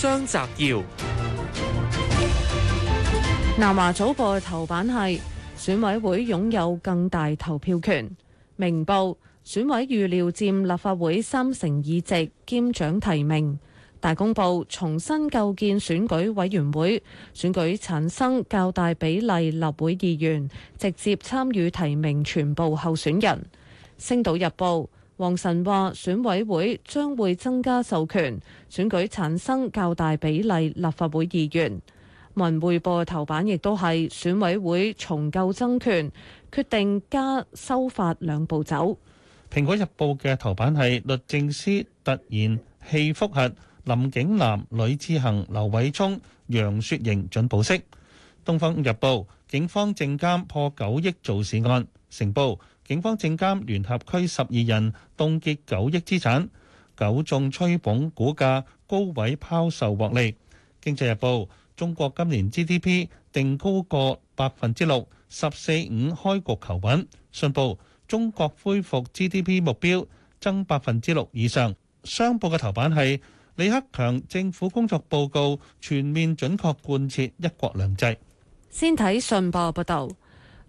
張澤堯。南華早報頭版係選委會擁有更大投票權。明報選委預料占立法會三成議席，兼掌提名。大公報重新構建選舉委員會，選舉產生較大比例立會議員，直接參與提名全部候選人。星島日報。王晨話：選委會將會增加授權，選舉產生較大比例立法會議員。文匯報頭版亦都係選委會重構增權，決定加修法兩步走。蘋果日報嘅頭版係律政司突然棄覆核林景南、呂志恆、劉偉聰、楊雪瑩准保釋。東方日報，警方證監破九億造市案。成報，警方證監聯合拘十二人，凍結九億資產，九宗吹捧股價高位拋售獲利。經濟日報，中國今年 GDP 定高過百分之六，十四五開局求穩。信報，中國恢復 GDP 目標增百分之六以上。商報嘅頭版係李克強政府工作報告全面準確貫徹一國兩制。先睇信報報道。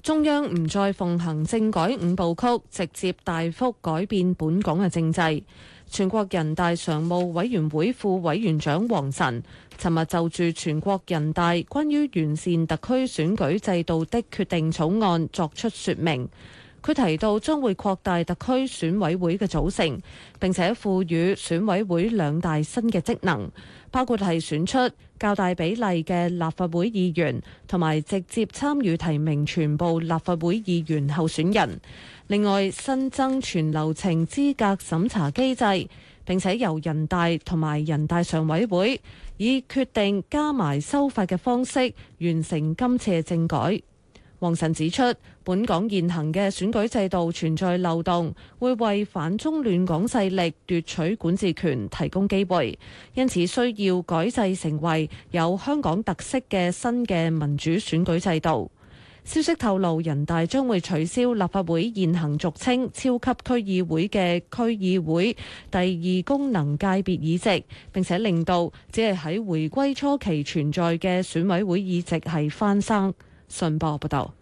中央唔再奉行政改五部曲，直接大幅改變本港嘅政制。全國人大常務委員會副委員長王晨尋日就住全國人大關於完善特區選舉制度的決定草案作出説明。佢提到將會擴大特區選委會嘅組成，並且賦予選委會兩大新嘅職能，包括係選出較大比例嘅立法會議員，同埋直接參與提名全部立法會議員候選人。另外，新增全流程資格審查機制，並且由人大同埋人大常委會以決定加埋修法嘅方式完成今次嘅政改。王晨指出，本港現行嘅選舉制度存在漏洞，會為反中亂港勢力奪取管治權提供機會，因此需要改制成為有香港特色嘅新嘅民主選舉制度。消息透露，人大將會取消立法會現行俗稱超級區議會嘅區議會第二功能界別議席，並且令到只係喺回歸初期存在嘅選委會議席係翻生。信報報道，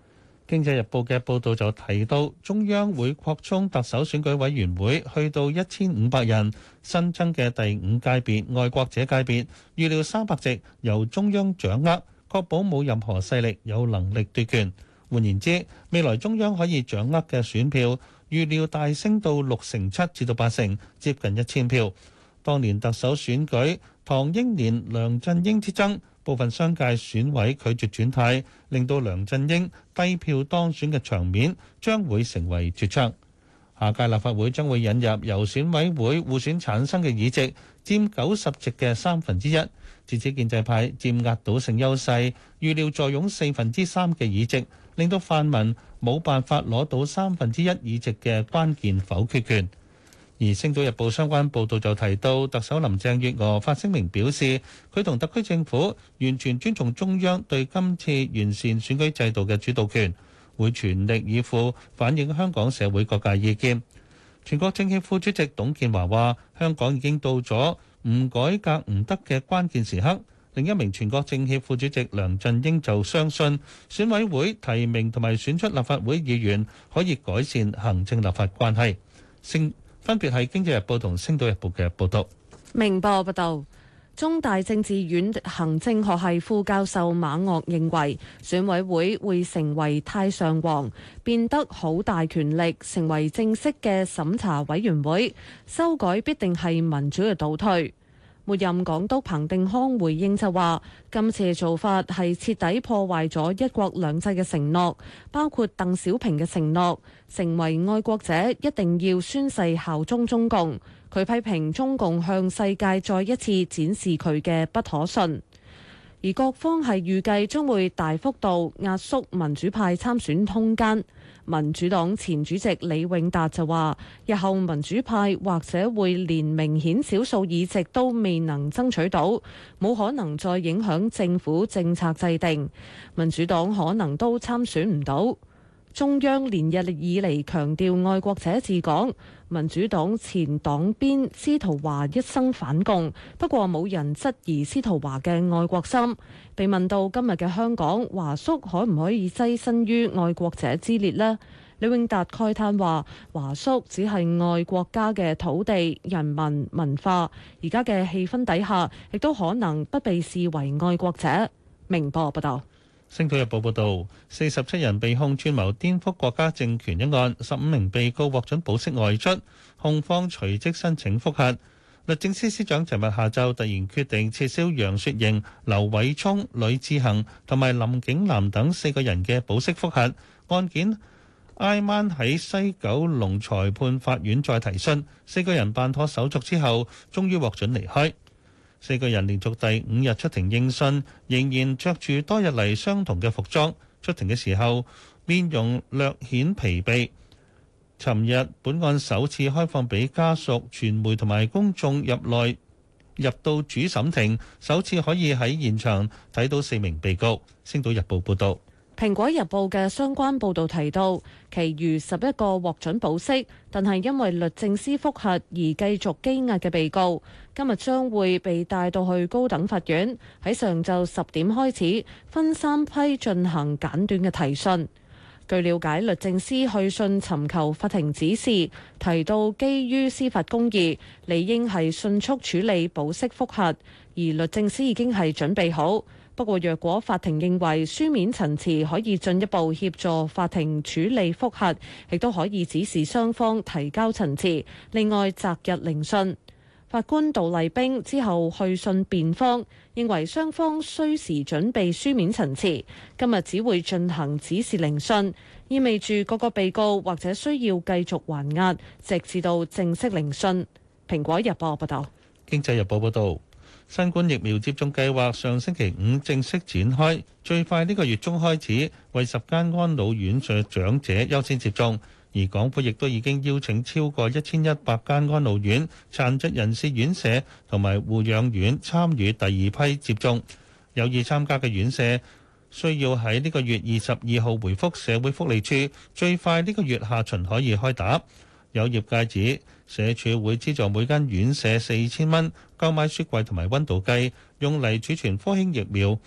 經濟日報嘅報道就提到，中央會擴充特首選舉委員會去到一千五百人。新增嘅第五界別愛國者界別，預料三百席由中央掌握，確保冇任何勢力有能力奪權。換言之，未來中央可以掌握嘅選票，預料大升到六成七至到八成，接近一千票。當年特首選舉，唐英年、梁振英之爭。部分商界選委拒絕轉軚，令到梁振英低票當選嘅場面將會成為絕唱。下屆立法會將會引入由選委會互選產生嘅議席，佔九十席嘅三分之一。自此，建制派佔壓倒性優勢，預料坐擁四分之三嘅議席，令到泛民冇辦法攞到三分之一議席嘅關鍵否決權。而《星島日報》相關報道就提到，特首林鄭月娥發聲明表示，佢同特區政府完全尊重中央對今次完善選舉制度嘅主導權，會全力以赴反映香港社會各界意見。全國政協副主席董建華話：香港已經到咗唔改革唔得嘅關鍵時刻。另一名全國政協副主席梁振英就相信，選委會提名同埋選出立法會議員可以改善行政立法關係。星分別係《經濟日報》同《星島日報》嘅報道。明報報道，中大政治院行政學系副教授馬岳認為，選委會會成為太上皇，變得好大權力，成為正式嘅審查委員會，修改必定係民主嘅倒退。末任港督彭定康回應就話，今次嘅做法係徹底破壞咗一國兩制嘅承諾，包括鄧小平嘅承諾，成為愛國者一定要宣誓效忠中共。佢批評中共向世界再一次展示佢嘅不可信，而各方係預計將會大幅度壓縮民主派參選空間。民主黨前主席李永達就話，日後民主派或者會連明顯少數議席都未能爭取到，冇可能再影響政府政策制定。民主黨可能都參選唔到。中央連日以嚟強調愛國者治港。民主黨前黨鞭司徒華一生反共，不過冇人質疑司徒華嘅愛國心。被問到今日嘅香港，華叔可唔可以躋身於愛國者之列呢？李永達慨嘆話：華叔只係愛國家嘅土地、人民、文化。而家嘅氣氛底下，亦都可能不被視為愛國者。明報報道。星島日報報導，四十七人被控串謀顛覆國家政權一案，十五名被告獲准保釋外出，控方隨即申請覆核。律政司司長尋日下晝突然決定撤銷楊雪盈、劉偉聰、呂志恒同埋林景南等四個人嘅保釋覆核案件。挨晚喺西九龍裁判法院再提訊，四個人辦妥手續之後，終於獲准離開。四個人連續第五日出庭應訊，仍然着住多日嚟相同嘅服裝。出庭嘅時候，面容略顯疲憊。尋日本案首次開放俾家屬、傳媒同埋公眾入內，入到主審庭，首次可以喺現場睇到四名被告。星島日報報導。《蘋果日報》嘅相關報導提到，其餘十一個獲准保釋，但係因為律政司覆核而繼續羈押嘅被告，今日將會被帶到去高等法院，喺上晝十點開始分三批進行簡短嘅提訊。據了解，律政司去信尋求法庭指示，提到基於司法公義，理應係迅速處理保釋覆核，而律政司已經係準備好。不過，若果法庭認為書面陳詞可以進一步協助法庭處理覆核，亦都可以指示雙方提交陳詞。另外，擇日聆訊。法官杜麗冰之後去信辯方，認為雙方需時準備書面陳詞。今日只會進行指示聆訊，意味住各個被告或者需要繼續還押，直至到正式聆訊。蘋果日報報道，經濟日報報道。新冠疫苗接種計劃上星期五正式展開，最快呢個月中開始，為十間安老院長者優先接種，而港府亦都已經邀請超過一千一百間安老院、殘疾人士院舍同埋護養院參與第二批接種，有意參加嘅院舍需要喺呢個月二十二號回覆社會福利處，最快呢個月下旬可以開打。有業界指社署會資助每間院舍四千蚊，購買雪櫃同埋溫度計，用嚟儲存科興疫苗。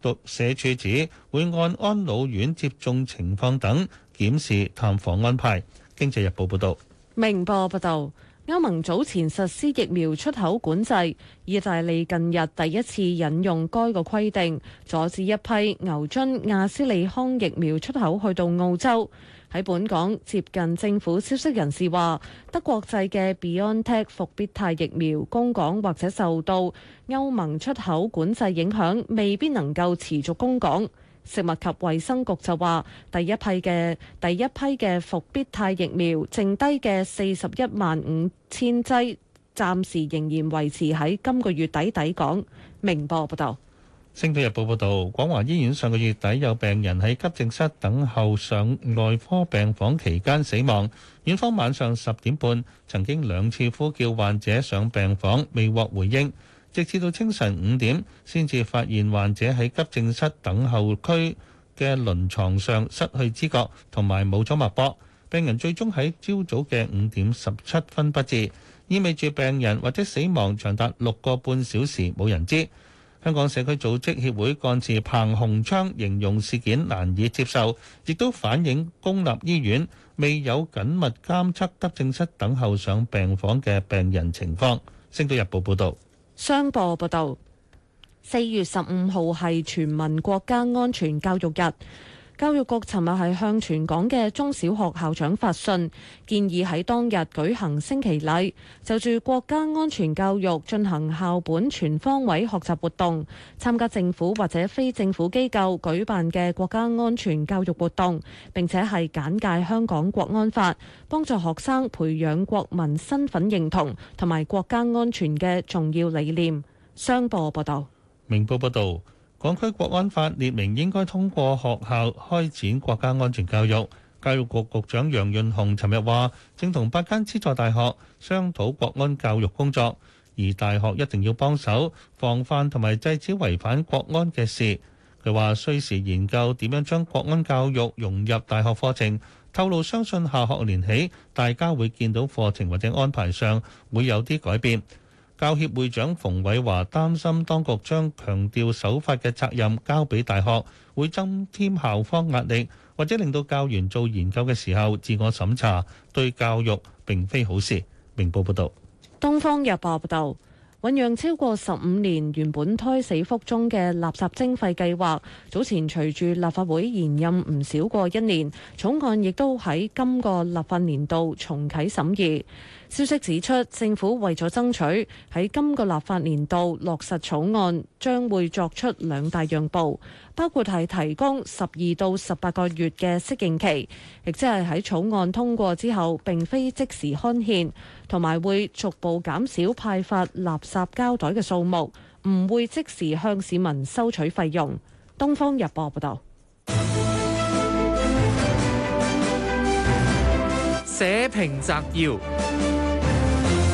讀社署指會按安老院接種情況等，檢視探訪安排。經濟日報報道：「明報報道，歐盟早前實施疫苗出口管制，意大利近日第一次引用該個規定，阻止一批牛津阿斯利康疫苗出口去到澳洲。喺本港接近政府消息人士話德國製嘅 BioNTech 復必泰疫苗供港或者受到歐盟出口管制影響，未必能夠持續供港。食物及衛生局就話，第一批嘅第一批嘅復必泰疫苗剩低嘅四十一萬五千劑，暫時仍然維持喺今個月底抵港。明報報道。星島日報報導，廣華醫院上個月底有病人喺急症室等候上外科病房期間死亡。院方晚上十點半曾經兩次呼叫患者上病房，未獲回應，直至到清晨五點先至發現患者喺急症室等候區嘅輪床上失去知覺，同埋冇咗脈搏。病人最終喺朝早嘅五點十七分不治，意味住病人或者死亡長達六個半小時冇人知。香港社區組織協會幹事彭洪昌形容事件難以接受，亦都反映公立醫院未有緊密監測急症室等候上病房嘅病人情況。星島日報報道，商報報道，四月十五號係全民國家安全教育日。教育局尋日係向全港嘅中小學校長發信，建議喺當日舉行升旗禮，就住國家安全教育進行校本全方位學習活動，參加政府或者非政府機構舉辦嘅國家安全教育活動，並且係簡介香港國安法，幫助學生培養國民身份認同同埋國家安全嘅重要理念。商報報導，明報報導。港區國安法列明應該通過學校開展國家安全教育。教育局局長楊潤雄尋日話，正同八間資助大學商討國安教育工作，而大學一定要幫手防範同埋制止違反國安嘅事。佢話，需時研究點樣將國安教育融入大學課程，透露相信下學年起大家會見到課程或者安排上會有啲改變。教協會長馮偉華擔心，當局將強調守法嘅責任交俾大學，會增添校方壓力，或者令到教員做研究嘅時候自我審查，對教育並非好事。明報報道。東方日報報道，醖釀超過十五年、原本胎死腹中嘅垃圾徵費計劃，早前隨住立法會延任唔少過一年，草案亦都喺今個立法年度重啟審議。消息指出，政府為咗爭取喺今個立法年度落實草案，將會作出兩大讓步，包括係提供十二到十八個月嘅適應期，亦即係喺草案通過之後並非即時刊憲，同埋會逐步減少派發垃圾膠袋嘅數目，唔會即時向市民收取費用。《東方日報》報道。社評摘要。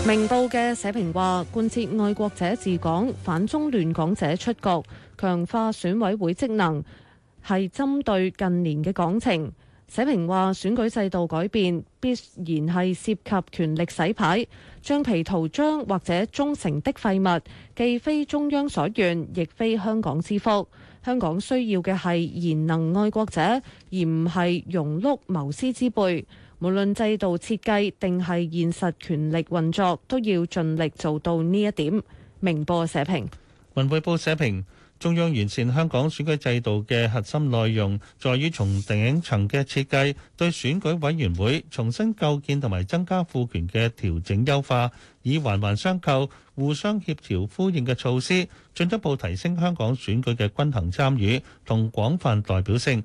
明報嘅社評話：貫徹愛國者治港，反中亂港者出局，強化選委會職能，係針對近年嘅港情。社評話：選舉制度改變必然係涉及權力洗牌，橡皮圖章或者忠誠的廢物，既非中央所願，亦非香港之福。香港需要嘅係賢能愛國者，而唔係庸碌謀私之輩。無論制度設計定係現實權力運作，都要盡力做到呢一點。明報社評。文匯報社評，中央完善香港選舉制度嘅核心內容，在於從頂層嘅設計，對選舉委員會重新構建同埋增加賦權嘅調整優化，以環環相扣、互相協調呼應嘅措施，進一步提升香港選舉嘅均衡參與同廣泛代表性。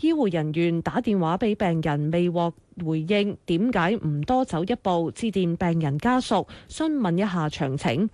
醫護人員打電話俾病人未獲回應，點解唔多走一步，致電病人家屬詢問一下詳情？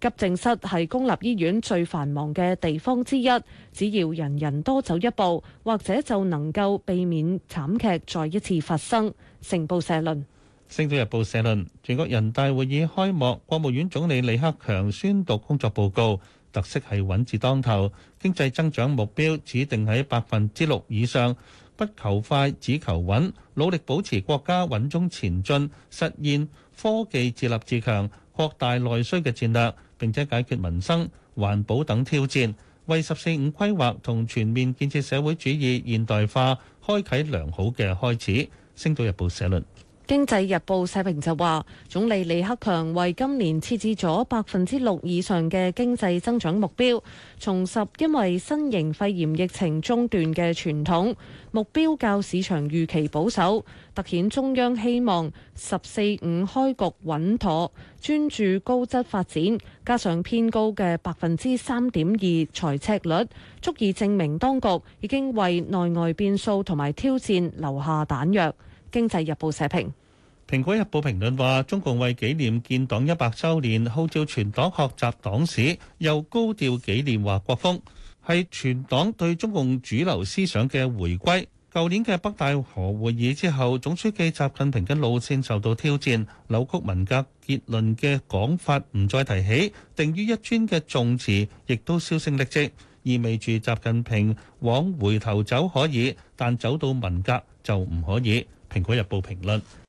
急症室係公立醫院最繁忙嘅地方之一，只要人人多走一步，或者就能夠避免慘劇再一次發生。成報社論，《星島日報》社論，全國人大會議開幕，國務院總理李克強宣讀工作報告。特色係穩字當頭，經濟增長目標指定喺百分之六以上，不求快，只求穩，努力保持國家穩中前進，實現科技自立自強、擴大內需嘅戰略，並且解決民生、環保等挑戰，為十四五規劃同全面建設社會主義現代化開啓良好嘅開始。星島日報社論。經濟日報社評就話，總理李克強為今年設置咗百分之六以上嘅經濟增長目標，重拾因為新型肺炎疫情中斷嘅傳統目標，較市場預期保守，凸顯中央希望十四五開局穩妥，專注高質發展，加上偏高嘅百分之三點二財赤率，足以證明當局已經為內外變數同埋挑戰留下彈藥。經濟日報社評，蘋果日報評論話：中共為紀念建黨一百週年，號召全黨學習黨史，又高調紀念華國鋒，係全黨對中共主流思想嘅回歸。舊年嘅北戴河會議之後，總書記習近平嘅路線受到挑戰，扭曲文革結論嘅講法唔再提起，定於一尊嘅重詞亦都銷聲匿跡，意味住習近平往回頭走可以，但走到文革就唔可以。蘋果日報評論。